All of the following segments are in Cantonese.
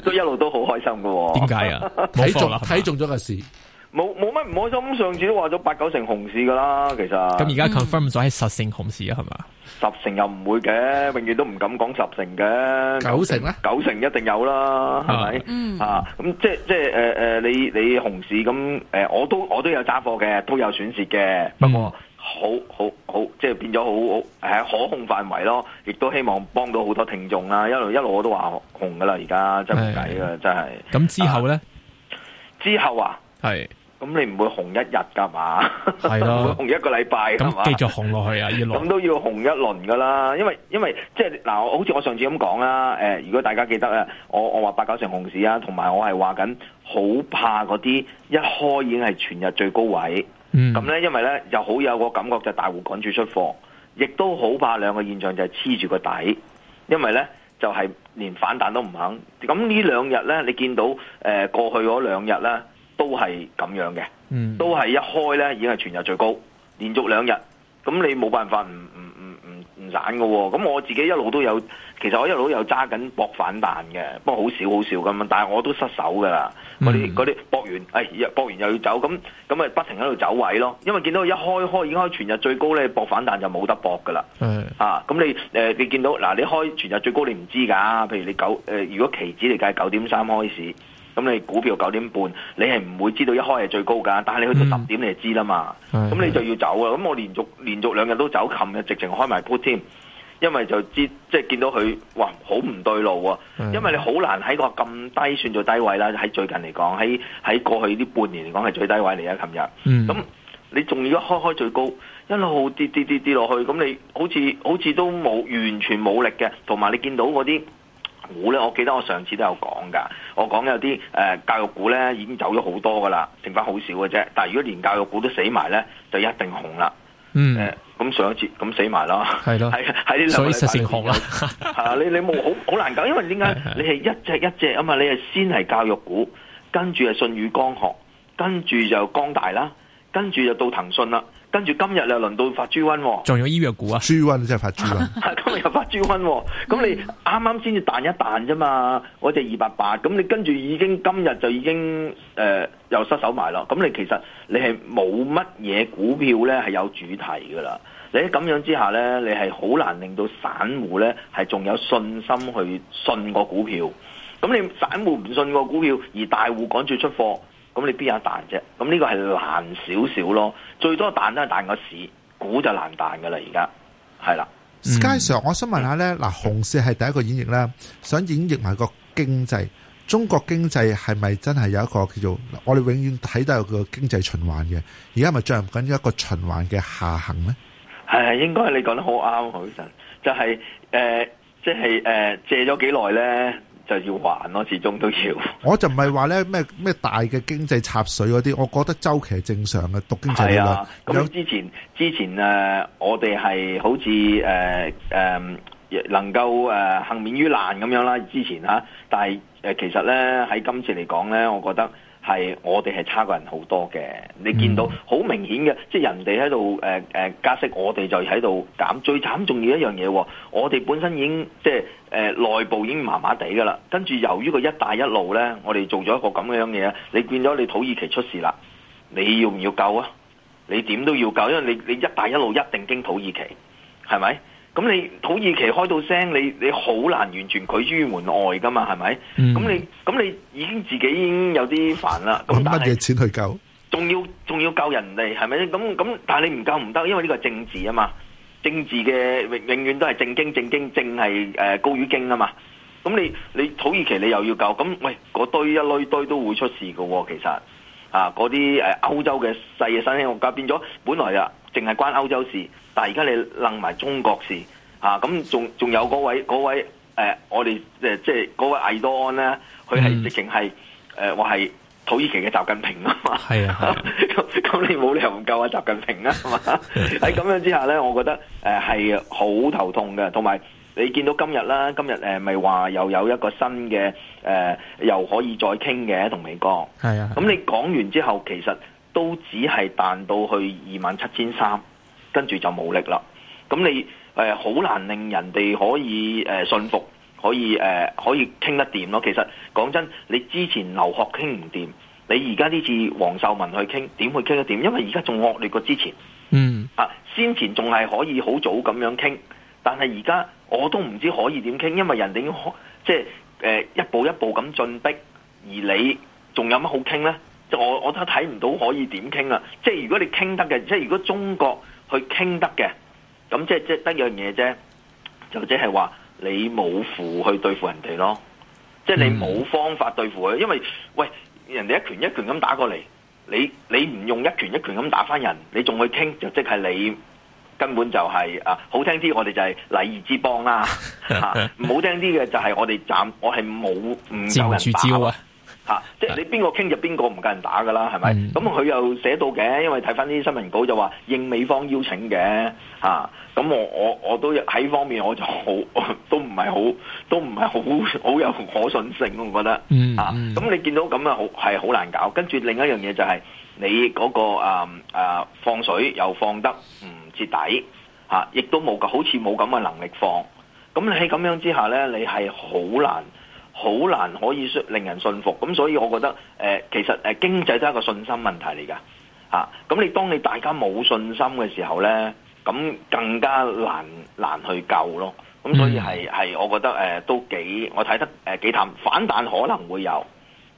都一路都好開心噶，點解啊？睇 中睇 中咗個事，冇冇乜唔開心。上次都話咗八九成熊市噶啦，其實。咁而家 confirm 咗係十成熊市啊，係嘛？十成又唔會嘅，永遠都唔敢講十成嘅。九成咧？九成一定有啦，係咪？啊，咁即係即係誒誒，你你，你熊市咁誒、呃，我都我都有揸貨嘅，都有損失嘅。不過、嗯。嗯好好好，即係變咗好好，係可控範圍咯，亦都希望幫到好多聽眾啦。一路一路我都話紅噶啦，而家真唔計啊，真係。咁的的之後呢？啊？之後啊？係的。咁你唔會紅一日噶嘛？係咯的， 唔會紅一個禮拜，咁繼續紅落去啊，一路。咁都要紅一輪噶啦，因為因為即係嗱，好似我上次咁講啦，誒，如果大家記得咧，我我話八九成紅市啊，同埋我係話緊好怕嗰啲一開已經係全日最高位。咁咧，嗯、因為咧就好有個感覺就大戶趕住出貨，亦都好怕兩個現象就係黐住個底，因為咧就係、是、連反彈都唔肯。咁呢兩日咧，你見到誒、呃、過去嗰兩日咧都係咁樣嘅，都係、嗯、一開咧已經係全日最高，連續兩日，咁你冇辦法唔唔唔唔唔散嘅喎、哦。咁我自己一路都有。其實我一路又揸緊博反彈嘅，不過好少好少咁，但係我都失手㗎啦。嗰啲啲博完，誒、哎、博完又要走，咁咁咪不停喺度走位咯。因為見到佢一開開已經開全日最高咧，博反彈就冇得博㗎啦。嚇是的、啊！咁你誒、呃、你見到嗱，你開全日最高你唔知㗎。譬如你九誒、呃，如果期指嚟計九點三開始，咁你股票九點半，你係唔會知道一開係最高㗎。但係你去到十點你就知啦嘛。咁、嗯、你就要走是的 啊。咁我連續連續兩日都走，琴日直情開埋 put 添。因為就知即係見到佢哇，好唔對路啊、哦！的因為你好難喺個咁低算做低位啦，喺最近嚟講，喺喺過去呢半年嚟講係最低位嚟啊！琴日，咁、嗯、你仲要一開開最高一路跌跌跌跌落去，咁你好似好似都冇完全冇力嘅，同埋你見到嗰啲股咧，我記得我上次都有講噶，我講有啲誒、呃、教育股咧已經走咗好多噶啦，剩翻好少嘅啫。但係如果連教育股都死埋咧，就一定紅啦。嗯，誒、欸，咁上一節咁死埋啦，係咯，係係，所以實現學啦，啊，你你冇好好難搞，因為點解你係一隻一隻啊嘛？你係先係教育股，跟住係信宇光學，跟住就光大啦，跟住就到騰訊啦。跟住今日又輪到發豬瘟、哦，仲有醫藥股啊！豬瘟即係發豬瘟，今日又發豬瘟。咁你啱啱先至彈一彈啫嘛，我隻二八八，咁你跟住已經今日就已經誒、呃、又失手埋咯。咁你其實你係冇乜嘢股票咧係有主題㗎啦。你喺咁樣之下咧，你係好難令到散戶咧係仲有信心去信個股票。咁你散戶唔信個股票，而大戶趕住出貨。咁你邊有彈啫？咁呢個係難少少囉，最多彈都係彈個市股就難彈㗎喇。而家係啦。Sky Sir，我想問下呢，嗱，紅色係第一個演繹啦，想演繹埋個經濟，中國經濟係咪真係有一個叫做我哋永遠睇到有個經濟循環嘅？而家咪進入緊一個循環嘅下行咧？係應該係你講得好啱，先生，就係誒，即係誒，借咗幾耐呢？就要還咯，始終都要。 我就唔係話咧咩咩大嘅經濟插水嗰啲，我覺得周期係正常嘅讀經濟理論。咁之前之前誒，我哋係好似誒誒，能夠誒幸免於難咁樣啦。之前吓、呃呃呃，但係誒，其實咧喺今次嚟講咧，我覺得。係我哋係差過人好多嘅，你見到好明顯嘅，即係人哋喺度誒加息，我哋就喺度減。最慘仲要一樣嘢，我哋本身已經即係誒、呃、內部已經麻麻地噶啦。跟住由於個一帶一路咧，我哋做咗一個咁樣嘢，你變咗你土耳其出事啦，你要唔要救啊？你點都要救，因為你你一帶一路一定經土耳其，係咪？咁你土耳其開到聲，你你好難完全拒之門外噶嘛，係咪？咁、嗯、你咁你已經自己已經有啲煩啦。咁乜嘢錢去救？仲要仲要救人哋，係咪？咁咁，但係你唔救唔得，因為呢個政治啊嘛，政治嘅永永遠都係正、呃、經正經正係誒高於經啊嘛。咁你你土耳其你又要救？咁喂，嗰堆一堆堆都會出事噶、哦，其實。啊！嗰啲誒歐洲嘅細嘅新興國家變咗，本來啊，淨係關歐洲事，但係而家你楞埋中國事啊！咁仲仲有嗰位嗰位誒、呃，我哋、呃、即即嗰位艾多安咧，佢係、嗯、直情係誒話係土耳其嘅習近平啊嘛，係啊，咁你冇理由唔救阿、啊、習近平啊嘛！喺咁樣之下咧，我覺得誒係好頭痛嘅，同埋。你見到今日啦，今日誒咪話又有一個新嘅誒、呃，又可以再傾嘅同美國。係啊，咁你講完之後，其實都只係彈到去二萬七千三，跟住就冇力啦。咁你誒好難令人哋可以誒、呃、信服，可以誒、呃、可以傾得掂咯。其實講真，你之前留學傾唔掂，你而家呢次黃秀文去傾，點去傾得掂？因為而家仲惡劣過之前。嗯。啊，先前仲係可以好早咁樣傾。但係而家我都唔知可以點傾，因為人哋已經即係、呃、一步一步咁進逼，而你仲有乜好傾呢？即係我我都睇唔到可以點傾啊！即係如果你傾得嘅，即係如果中國去傾得嘅，咁即係即係得一樣嘢啫。就即係話你冇符去對付人哋咯，即係你冇方法對付佢，嗯、因為喂人哋一拳一拳咁打過嚟，你你唔用一拳一拳咁打翻人，你仲去傾就即係你。根本就係、是、啊，好聽啲、啊，我哋就係禮儀之邦啦。唔好聽啲嘅就係我哋站，我係冇唔夠人打。招住招啊！即係你邊個傾就邊個唔夠人打噶啦，係咪？咁佢、嗯、又寫到嘅，因為睇返啲新聞稿就話應美方邀請嘅咁、啊、我我我都喺方面我就好，都唔係好，都唔係好好有可信性，我覺得。啊，咁、啊嗯嗯啊、你見到咁啊，好係好難搞。跟住另一樣嘢就係你嗰、那個啊，啊放水又放得嗯。底嚇，亦都冇好似冇咁嘅能力放。咁喺咁樣之下呢，你係好難，好難可以令人信服。咁所以我覺得，誒、呃，其實誒，經濟都係一個信心問題嚟㗎。吓、啊，咁你當你大家冇信心嘅時候呢，咁更加難難去救咯。咁所以係係，我覺得誒、呃、都幾，我睇得誒、呃、幾淡反彈可能會有，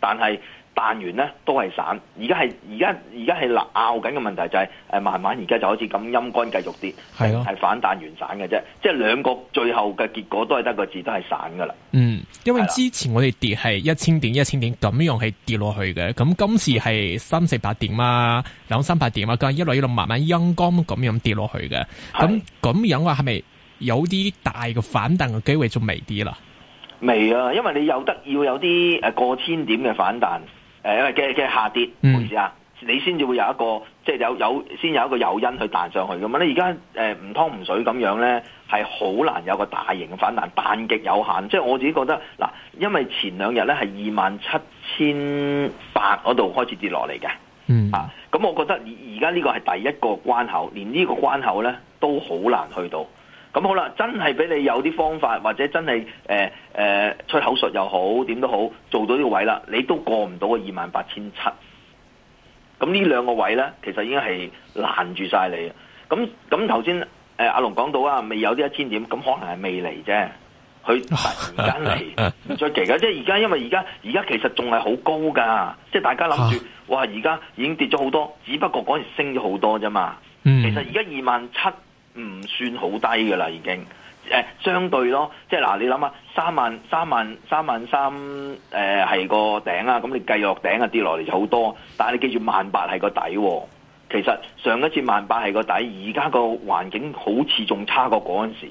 但係。彈完咧都係散，而家係而家而家係拗緊嘅問題就係誒，慢慢而家就好似咁陰乾繼續跌，係咯，係反彈完散嘅啫，即係兩個最後嘅結果都係得個字都係散噶啦。嗯，因為之前我哋跌係一千點一千點咁樣係跌落去嘅，咁今次係三四百點啊，兩三百點啊，咁一路一路慢慢陰乾咁樣跌落去嘅，咁咁樣話係咪有啲大嘅反彈嘅機會仲微啲啦？未啊，因為你有得要有啲誒過千點嘅反彈。誒，因為驚驚下跌唔好意思啊，你先至會有一個，即係有有先有一個誘因去彈上去咁啊！你而家誒唔湯唔水咁樣咧，係好難有個大型反彈，彈極有限。即係我自己覺得嗱，因為前兩日咧係二萬七千八嗰度開始跌落嚟嘅，嗯、啊，咁我覺得而家呢個係第一個關口，連呢個關口咧都好難去到。咁好啦，真係俾你有啲方法，或者真係誒誒吹口術又好，點都好，做到呢個位啦，你都過唔到個二萬八千七。咁呢兩個位呢，其實已經係攔住晒你。咁咁頭先阿龍講到啊，未有呢一千點，咁可能係未嚟啫。佢突然間嚟唔出奇㗎。即係而家因為而家而家其實仲係好高㗎，即係大家諗住、啊、哇，而家已經跌咗好多，只不過嗰時升咗好多啫嘛。其實而家二萬七。唔算好低㗎啦，已經誒相對咯，即係嗱、啊，你諗、呃嗯、下三萬三萬三萬三誒係個頂啊，咁你計落頂啊跌落嚟就好多，但係你記住萬八係個底、哦，其實上一次萬八係個底，而家個環境好似仲差過嗰陣時，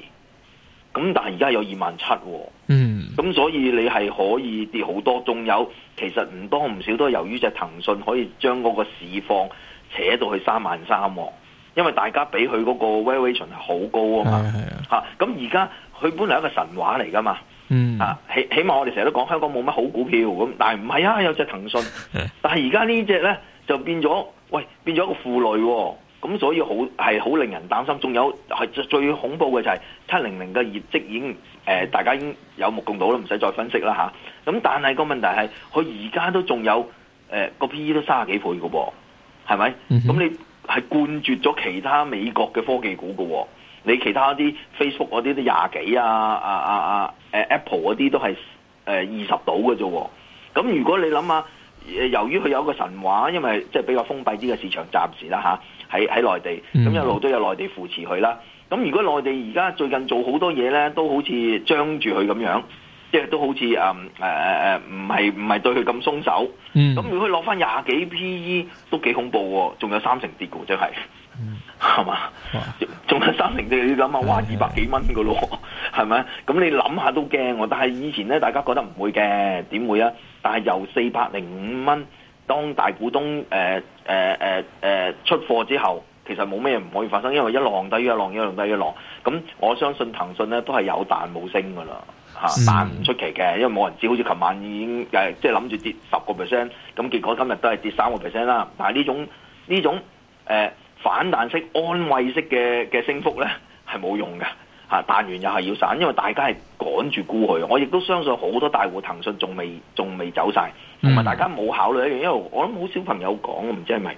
咁但係而家有二萬七、哦，嗯，咁所以你係可以跌好多，仲有其實唔多唔少都係由於隻騰訊可以將嗰個市況扯到去三萬三喎、哦。因為大家俾佢嗰個 valuation 係好高的是的啊嘛，嚇咁而家佢本嚟係一個神話嚟噶嘛，嚇起、嗯啊、起碼我哋成日都講香港冇乜好股票咁，但係唔係啊？有隻騰訊，的但係而家呢隻咧就變咗，喂變咗一個負累，咁、啊、所以好係好令人擔心。仲有係最恐怖嘅就係七零零嘅業績已經誒、呃，大家已經有目共睹啦，唔使再分析啦嚇。咁、啊、但係個問題係，佢而家都仲有誒、呃、個 PE 都三十幾倍㗎噃，係咪？咁你、嗯哼。嗯係冠絕咗其他美國嘅科技股嘅、哦，你其他啲 Facebook 嗰啲都廿幾啊啊啊啊，Apple 嗰啲都係誒二十度嘅啫。咁、呃哦、如果你諗下，由於佢有一個神話，因為即係比較封閉啲嘅市場，暫時啦吓，喺喺內地，咁一路都有內地扶持佢啦。咁如果內地而家最近做好多嘢咧，都好似張住佢咁樣。即係都好似誒誒誒誒，唔係唔係對佢咁鬆手。咁、嗯、如果攞翻廿幾 PE 都幾恐怖喎，仲有三成跌嘅真係，係嘛？仲有三成跌咁啊！哇，二百幾蚊㗎咯，係咪？咁你諗下都驚喎。但係以前咧，大家覺得唔會嘅，點會啊？但係由四百零五蚊當大股東誒誒、呃呃呃呃、出貨之後，其實冇咩唔可以發生，因為一浪低一浪，一浪低一浪。咁我相信騰訊咧都係有彈冇升㗎啦。吓，但唔出奇嘅，因為冇人知，好似琴晚已經誒，即係諗住跌十個 percent，咁結果今日都係跌三個 percent 啦。但係呢種呢種誒、呃、反彈式、安慰式嘅嘅升幅咧，係冇用㗎吓。彈完又係要散，因為大家係趕住沽佢。我亦都相信好多大戶騰訊仲未仲未走晒，同埋大家冇考慮一樣，因為我諗好少朋友講，我唔知係咪。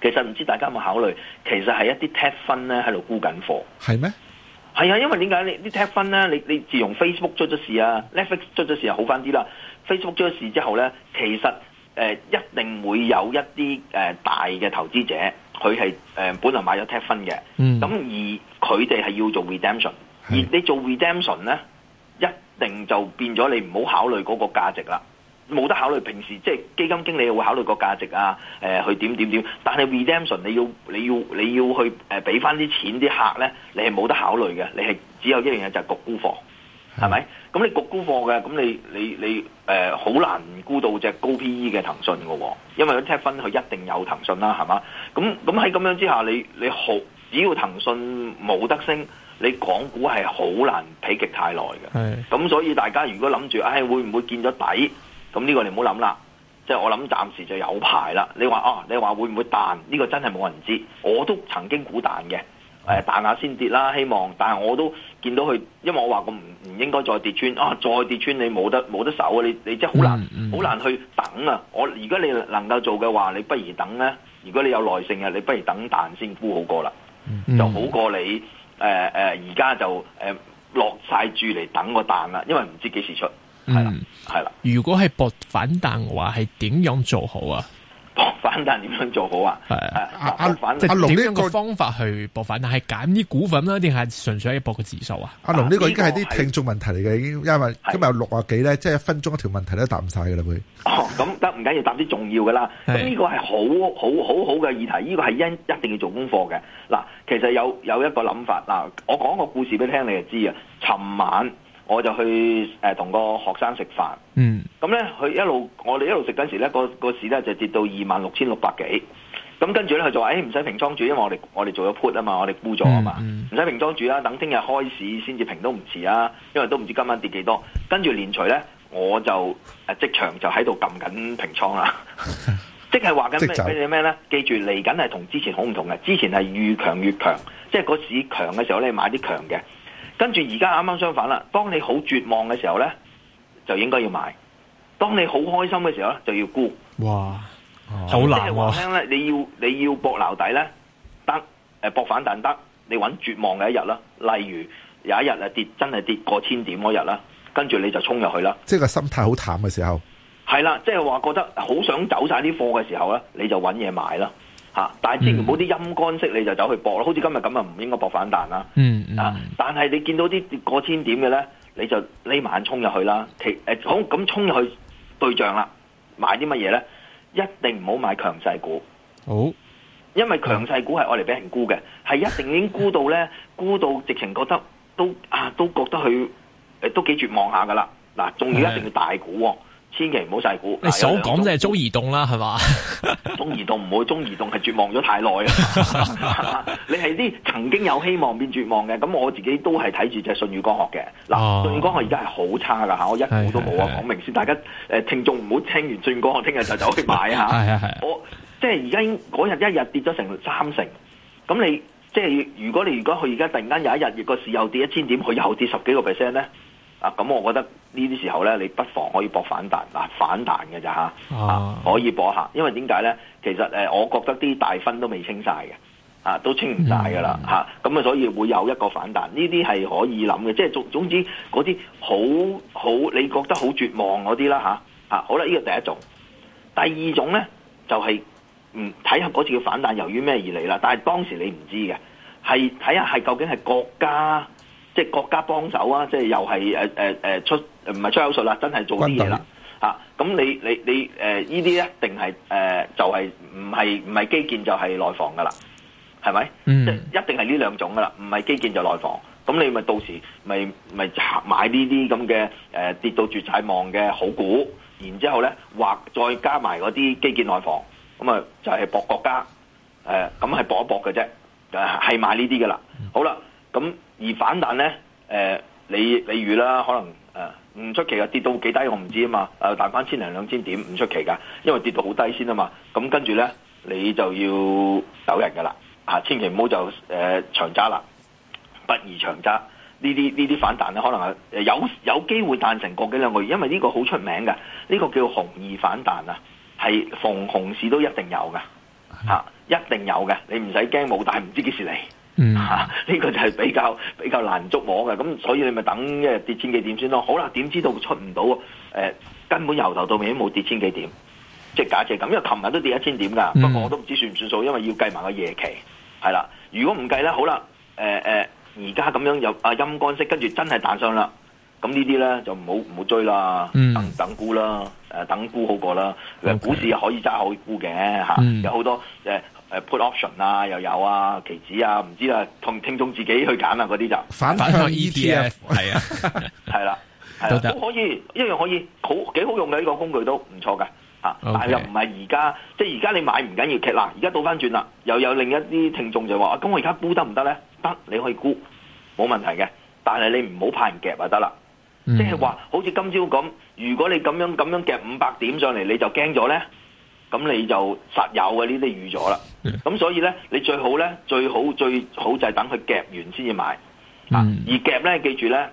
其實唔知大家有冇考慮，其實係一啲 tech fund 咧喺度沽緊貨，係咩？係啊，因為點解你啲 tag 分咧？你 fund，你，你自從 Facebook 出咗事啊，Netflix 出咗事就好翻啲啦。Facebook 出咗事之後咧，其實、呃、一定會有一啲、呃、大嘅投資者，佢係、呃、本嚟買咗 tag 分嘅。咁、嗯、而佢哋係要做 redemption，的而你做 redemption 咧，一定就變咗你唔好考慮嗰個價值啦。冇得考慮，平時即係基金經理會考慮個價值啊，誒、呃，佢點點點，但係 redemption 你要你要你要去畀俾翻啲錢啲客咧，你係冇得考慮嘅，你係只有一樣嘢就係焗沽貨，係咪的？咁你焗沽貨嘅，咁你你你好、呃、難估到隻高 P E 嘅騰訊㗎喎，因為啲 Tech Fund 佢一定有騰訊啦，係嘛？咁咁喺咁樣之下，你你好只要騰訊冇得升，你港股係好難企極太耐嘅，咁的，所以大家如果諗住，唉、哎，會唔會見咗底？咁呢個你唔好諗啦，即、就、係、是、我諗暫時就有排啦。你話啊，你話會唔會彈？呢、這個真係冇人知。我都曾經估彈嘅，誒、呃、彈下先跌啦，希望。但係我都見到佢，因為我話我唔唔應該再跌穿啊，再跌穿你冇得冇得守啊，你你即係好難好、嗯嗯、難去等啊。我如果你能夠做嘅話，你不如等咧、啊。如果你有耐性嘅、啊，你不如等彈先沽好過啦，就好過你誒誒而家就誒落晒注嚟等個彈啦、啊，因為唔知幾時出。嗯，係啦。如果係博反彈嘅話，係點樣做好啊？博反彈點樣做好啊？係阿阿阿龍呢個方法去博反彈，係揀啲股份啦，定係純粹係博個指數啊？阿龍呢個已經係啲聽眾問題嚟嘅，已經因為今日有六啊幾咧，即係一分鐘一條問題都答唔晒噶啦，會哦。咁得唔緊要，答啲重要噶啦。咁呢個係好好好好嘅議題，呢個係一一定要做功課嘅。嗱，其實有有一個諗法，嗱，我講個故事俾你聽，你就知啊。尋晚。我就去誒同、呃、個學生食飯，咁咧佢一路我哋一路食嗰時食緊時咧個、個市咧就跌到二萬六千六百幾，咁跟住咧佢就話：誒，唔使平倉住，因為我哋我哋做咗 put 啊嘛，我哋沽咗啊嘛，唔使、嗯嗯、平倉住啦，等聽日開市先至平都唔遲啊，因為都唔知今晚跌幾多。跟住連隨咧我就、呃、即場就喺度撳緊平倉啦， 即係話緊咩？咩咧場？記住嚟緊係同之前好唔同嘅，之前係越強越強，即係個市強嘅時候咧買啲強嘅。跟住而家啱啱相反啦，當你好絕望嘅時候呢，就應該要買；當你好開心嘅時候呢，就要沽。哇，好難喎！即係我聽呢，哇你要你要搏樓底呢，得誒搏反彈得，你揾絕望嘅一日啦。例如有一日啊跌真係跌過千點嗰日啦，跟住你就衝入去啦。即係個心態好淡嘅時候。係啦，即係話覺得好想走曬啲貨嘅時候呢，你就揾嘢買啦。吓、啊！但係千祈唔好啲陰乾式，你就走去搏咯。嗯、好似今日咁啊，唔應該搏反彈啦、嗯。嗯嗯。啊！但係你見到啲過千點嘅咧，你就匿埋眼衝入去啦。其誒、呃、好咁衝入去對象啦，買啲乜嘢咧？一定唔好買強勢股。好，因為強勢股係愛嚟俾人沽嘅，係一定已經沽到咧，沽 到直情覺得都啊，都覺得佢誒都幾絕望下噶啦。嗱、啊，仲要一定要大股、哦。千祈唔好晒股。你所講即係中移動啦，係嘛 ？中移動唔好，中移動係絕望咗太耐啦。 你係啲曾經有希望變絕望嘅，咁我自己都係睇住隻舜宇光學嘅。嗱、哦，舜宇光學而家係好差噶吓，我一股都冇啊。講明先，大家誒聽眾唔好聽完舜宇光學聽日就走去企買吓。係啊係啊。我，是是是我即係而家嗰日一日跌咗成三成，咁你即係如果你如果佢而家突然間有一日、那個市又跌一千點，佢又跌十幾個 percent 咧？啊，咁我覺得呢啲時候呢，你不妨可以搏反彈，嗱、啊、反彈嘅咋嚇，啊啊、可以搏下。因為點解呢？其實誒，我覺得啲大分都未清晒嘅，啊都清唔晒噶啦嚇，咁啊，啊所以會有一個反彈，呢啲係可以諗嘅。即係總總之，嗰啲好好你覺得好絕望嗰啲啦嚇，好啦，呢個第一種，第二種呢，就係嗯睇下嗰次嘅反彈由於咩而嚟啦，但係當時你唔知嘅，係睇下係究竟係國家。即係國家幫手啊！即又係、呃、出唔係出口數啦，真係做啲嘢啦嚇。咁你你你呢啲、呃、一定係、呃、就係唔係唔係基建就係內房㗎啦，係咪？嗯、即一定係呢兩種㗎啦，唔係基建就內房。咁你咪到時咪咪買呢啲咁嘅跌到絕產望嘅好股，然之後咧或再加埋嗰啲基建內房，咁啊就係博國家誒，咁、呃、係博一博㗎啫。誒係買呢啲㗎啦。嗯、好啦，咁、嗯。而反彈呢，誒、呃，你你如啦，可能誒唔、呃、出奇嘅跌到幾低，我唔知啊嘛，呃、彈翻千零兩千點唔出奇噶，因為跌到好低先啊嘛，咁、嗯、跟住呢，你就要走人噶啦、啊，千祈唔好就誒、呃、長揸啦，不宜長揸。呢啲呢啲反彈呢，可能有有機會彈成個幾兩個月，因為呢個好出名㗎。呢、呢個叫紅二反彈啊，係逢紅市都一定有噶、啊，一定有嘅，你唔使驚冇，但係唔知幾時嚟。嗯吓，呢、啊這個就係比較比較難捉摸嘅，咁所以你咪等誒、啊、跌千幾點先咯。好啦，點知道出唔到？誒、呃，根本由頭到尾都冇跌千幾點，即係假設咁，因為琴日都跌一千點噶，不過我都唔知算唔算數，因為要計埋個夜期係啦。如果唔計咧，好啦，誒、呃、誒，而家咁樣有啊陰乾式，跟住真係彈上啦。咁呢啲咧就唔好唔好追啦，等等沽啦，誒、啊、等沽好過啦。Okay, 股市可以揸，可以沽嘅吓，嗯、有好多誒。呃誒，Put option 啊，又有啊，期指啊，唔知啦、啊，同聽眾自己去揀啊，嗰啲就反反向 ETF 係 啊，係啦、啊，係、啊 啊、都可以，一樣可以，好幾好用嘅呢、呢個工具都唔錯嘅。吓、啊，Okay. 但係又唔係而家，即係而家你買唔緊要，劇啦而家倒翻轉啦，又有另一啲聽眾就話，咁、啊、我而家沽得唔得咧？得，你可以沽，冇問題嘅，但係你唔、mm. 好怕人夾啊得啦，即係話好似今朝咁，如果你咁樣咁樣夾五百點上嚟，你就驚咗咧？咁你就實有嘅呢啲預咗啦，咁所以咧，你最好咧，最好最好就係等佢夾完先至買，啊！嗯、而夾咧，記住咧，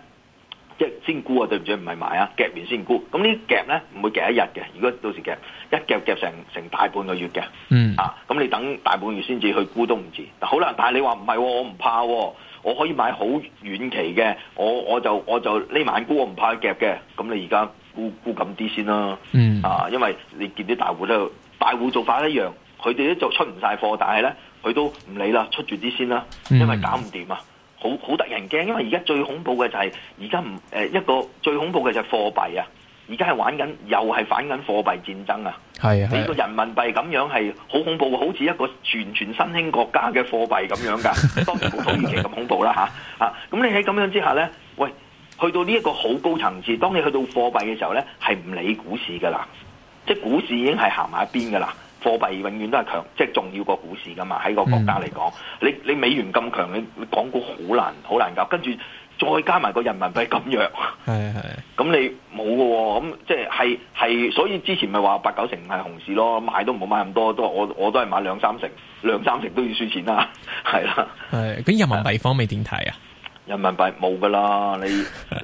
即係先沽啊，對唔住，唔係買啊，夾完先沽。咁呢夾咧唔會夾一日嘅，如果到時夾一夾夾成成大半個月嘅，嗯、啊！咁你等大半月先至去沽都唔遲。好啦，但係你話唔係，我唔怕、哦，我可以買好遠期嘅，我我就我就呢晚沽，我唔怕夾嘅。咁你而家沽沽咁啲先啦、啊，嗯、啊！因為你見啲大戶都。大戶做法一樣，佢哋都就出唔晒貨，但係呢，佢都唔理啦，出住啲先啦，因為搞唔掂啊！好好得人驚，因為而家最恐怖嘅就係而家唔誒一個最恐怖嘅就係貨幣啊！而家係玩緊，又係反緊貨幣戰爭啊！係啊！呢個人民幣咁樣係好恐怖的，好似一個全全新興國家嘅貨幣咁樣噶，當然好土耳其咁恐怖啦吓，嚇、 啊。咁你喺咁樣之下呢，喂，去到呢一個好高層次，當你去到貨幣嘅時候呢，係唔理股市噶啦。即係股市已經係行埋一邊噶啦，貨幣永遠都係強，即係重要過股市噶嘛。喺個國家嚟講，嗯、你你美元咁強，你港股好難好難搞。跟住再加埋個人民幣咁弱，係係是是、哦。咁你冇嘅喎，咁即係係係。所以之前咪話八九成唔係熊市咯，買都唔好買咁多，都我我都係買兩三成，兩三成都要輸錢啦，係啦。係，咁人民幣方面點睇啊？人民幣冇噶啦，你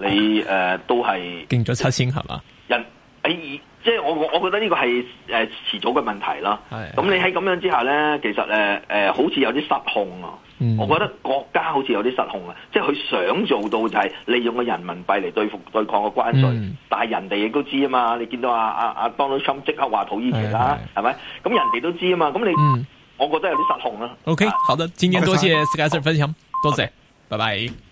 你誒、呃、都係跌咗七千係嘛？人、誒。即係我我覺得呢個係誒遲早嘅問題啦。係、哎呀。咁你喺咁樣之下咧，其實誒誒、呃、好似有啲失控啊。嗯。我覺得國家好似有啲失控啊。即係佢想做到就係利用個人民幣嚟，對付對抗個關稅，嗯、但係人哋亦都知啊嘛。你見到啊阿阿、啊啊、Donald Trump 即刻話土耳其啦，係咪、哎呀？咁人哋都知啊嘛。咁你，嗯。我覺得有啲失控啦 O K，好的，今天多謝 Sky Sir Okay. 分享，多謝，拜拜 Okay.。